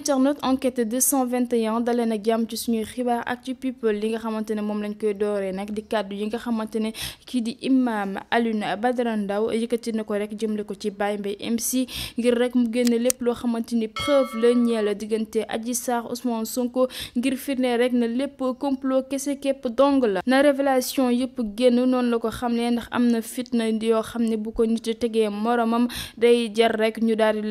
internet enquête 221 jàmm ci suñuy xibaar ak ci people li nga xamante ne moom lañ koy dooree nag di kàddu yi nga xamante ne kii di imam Alioune Badara Ndao yëkkati na ko rek jëmle ko ci Baye Mbaye MC ngir rek mu génne lépp loo xamante ni preuve la ñeel diggante Adji Sarr Ousmane sunko ngir firnde rek na lépp complot kese képp dong la na révélation yëpp génn noonu la ko xam ne ndax am na fitna yoo xam ne bu ko nit tegee moromam day jar rek ñu daal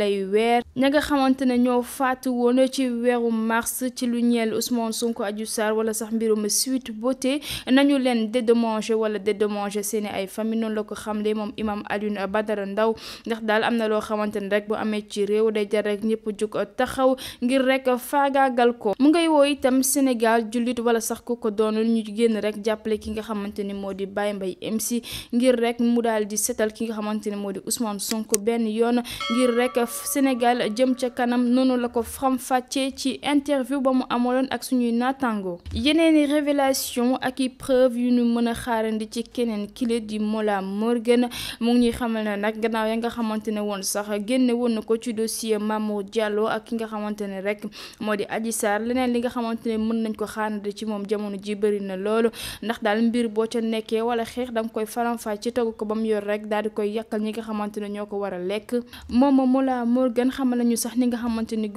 woon ci weeru mars ci lu ñeel Ousmane Sonko Adji saar wala sax mbirum Sweet Beauté nañu leen dédommager wala dédommager seen ay famille noonu la ko xamle moom imam Alioune Badara Ndao ndax daal am na loo xamante ne rek bu amee ci réew day jar rek ñëpp jug taxaw ngir rek faagaagal ko mu ngay woo itam Sénégal jullit wala sax ku ko doonul ñu génn rek jàppale ki nga xamante ni moo di bay mbay MC ngir rek mu daal di setal ki nga xamante ne moo di Ousmane Sonko benn yoon ngir rek Sénégal jëm ca kanam noonu la ko faram-fàccee ci interview ba mu amaloon ak suñuy naataango yeneeni révélation ak i preuve yu ñu mën a xaarandi ci keneen kile di Mollah Morgun mu ñuy xamal ne nag gannaaw ya nga xamante ne woon sax génne woon na ko ci dossier Mamour Diallo ak ki nga xamante ne rek moo di aji Sarr leneen li nga xamante ne mën nañ ko xaarandi ci moom jamono ji bëri na loolu ndax daal mbir boo ca nekkee wala xeex da nga koy faram-fàccee togg ko ba mu yor rek daal di koy yàqal ñi nga xamante ne ñoo ko war a lekk moom Mollah Morgun xamal nañu sax ni nga xamante ni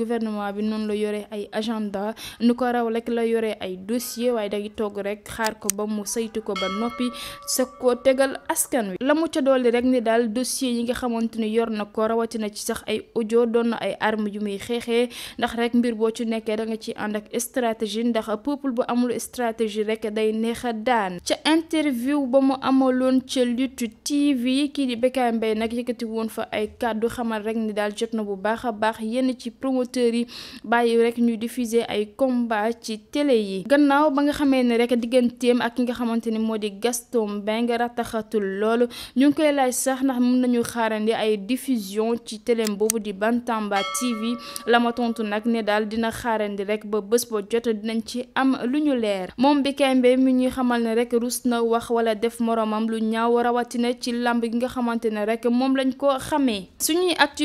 gouvernement bi noonu la yore ay agenda nu ko raw rek la yore ay dossier waaye day togg rek xaar ko ba mu saytu ko ba noppi sa ko tegal askan wi la mu ca dolli rek ni daal dossier yi nga xamante ni yor na ko rawatina ci sax ay audio doon na ay arme yu muy xeexee ndax rek mbir boo ci nekkee da nga ci ànd ak stratégie ndax peuple bu amul stratégie rek day neex a daan ca interview ba mu amaloon ca Lutte TV kii di Bécaye Mbaye nag yëkkati woon fa ay kàddu xamal rek bàyyi rek ñuy diffuser ay combat ci télé yi gannaaw ba nga xamee ne rek digganteem ak ki nga xamante ni moo di Gaston Mbengue rataxatul loolu ñu ngi koy laaj sax ndax mën nañu xaarandi ay diffusion ci télé boobu di Bantamba TV la ma tontu nag ne daal dina xaarandi rek ba bés ba jot dinañ ci am lu ñu leer moom Bikembe mi ñuy xamal ne rek rus na wax wala def moromam lu ñaaw rawatina ci lamb gi nga xamante ne rek moom lañ ko xamee suñuy actu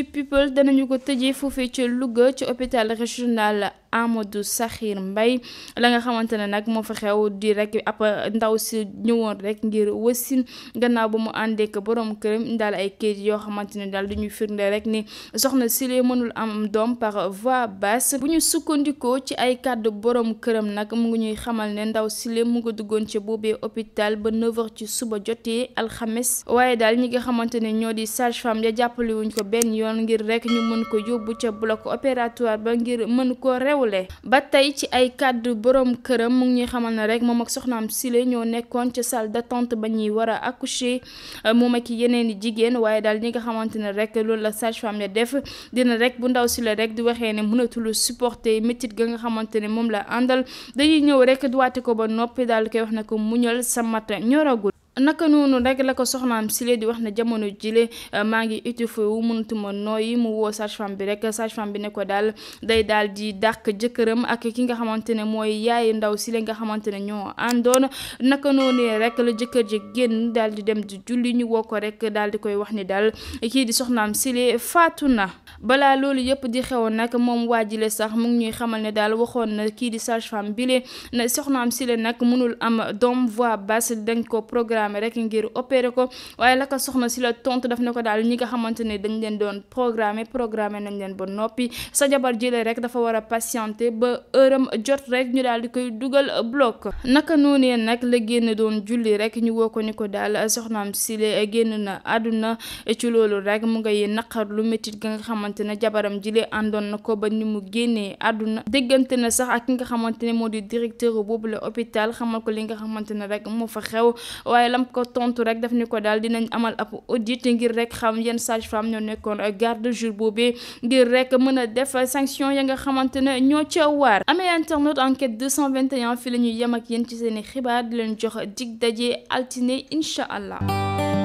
hôpital régional Amadou Sakhir mbay la nga xamante ne nag moo fa xew di rek ab ndaw si ñëwoon rek ngir wasin gannaaw ba mu àndeek borom këram daal ay kayit yoo xamante ne daal du ñuy firnde rek ni soxna Sile mënul am doom par voie basse bu ñu sukkandikoo ci ay kàddu borom këram nag mu ngi ñuy xamal ne ndaw Sile mu nga duggoon ci boobe hôpital ba 9h ci suba jotee alxames waaye daal ñi nga xamante ne ñoo di sage femme ya jàppale ko benn yoon ngir rek ñu mën ko yóbbu ca bloc opératoire ba ngir mën ko rew xewle ba tey ci ay kàddu borom këram mu ngi ñuy xamal ne rek moom ak soxnaam Sile ñoo nekkoon ca salle d'attente ba ñuy war a accoucher euh, moom ak yeneen i jigéen waaye daal di nga xamante ne rek loolu la sage-femme def dina rek bu ndaw Sile rek di waxee ne mënatul supporter métit ga nga xamante ne moom la àndal dañuy ñëw rek waate ko ba noppi daal koy wax na ko muñal sa mat ñoragul naka noonu rek la ko soxnaam silee di wax ne jamono jile euh, maa ngi étouffé wu mënatuma nooyi mu woo sage-femme bi rek sage bi ne ko daal day daal di dàq jëkkëram ak ki nga xamante ne mooy yaay ndaw sile nga xamante ne ñoo àndoon naka noonu rek la jëkkër ji génn daal di dem di julli ñu woo ko rek daal di koy wax ni daal kii di soxnaam sile faatu na balaa loolu yëpp di xew nag moom waa jile sax mu ngi ñuy xamal ne daal waxoon na kii di sage-femme bile ne soxnaam sile nag mënul am doom voix basse dañ ko programme programme rek ngir opéré ko waaye la ko soxna si la tontu daf ne ko daal ñi nga xamante ne dañ leen doon programmé programme nañ leen ba noppi sa jabar jëlee rek dafa war a patienté ba heuram jot rek ñu daal di koy dugal bloc naka noonee nag la génn doon julli rek ñu woo ko ni ko daal soxnaam si le génn na àdduna ci loolu rek mu ngay naqar lu métit ka nga xamante ne jabaram jile àndoon na ko ba ni mu génnee àdduna déggante na sax ak ki nga xamante ne moo di directeur boobu la hôpital xamal ko li nga xamante ne rek moo fa xew lam ko tontu rek daf ne ko daal dinañ amal ab audit ngir rek xam yenn sage-femme ñoo nekkoon garde jour boobee ngir rek mën a def sanction ya nga xamante ne ñoo ca waar amee internet enquête 221 fi la ñuy yem ak yéen ci seen i xibaar di leen jox dig daje altine incha allah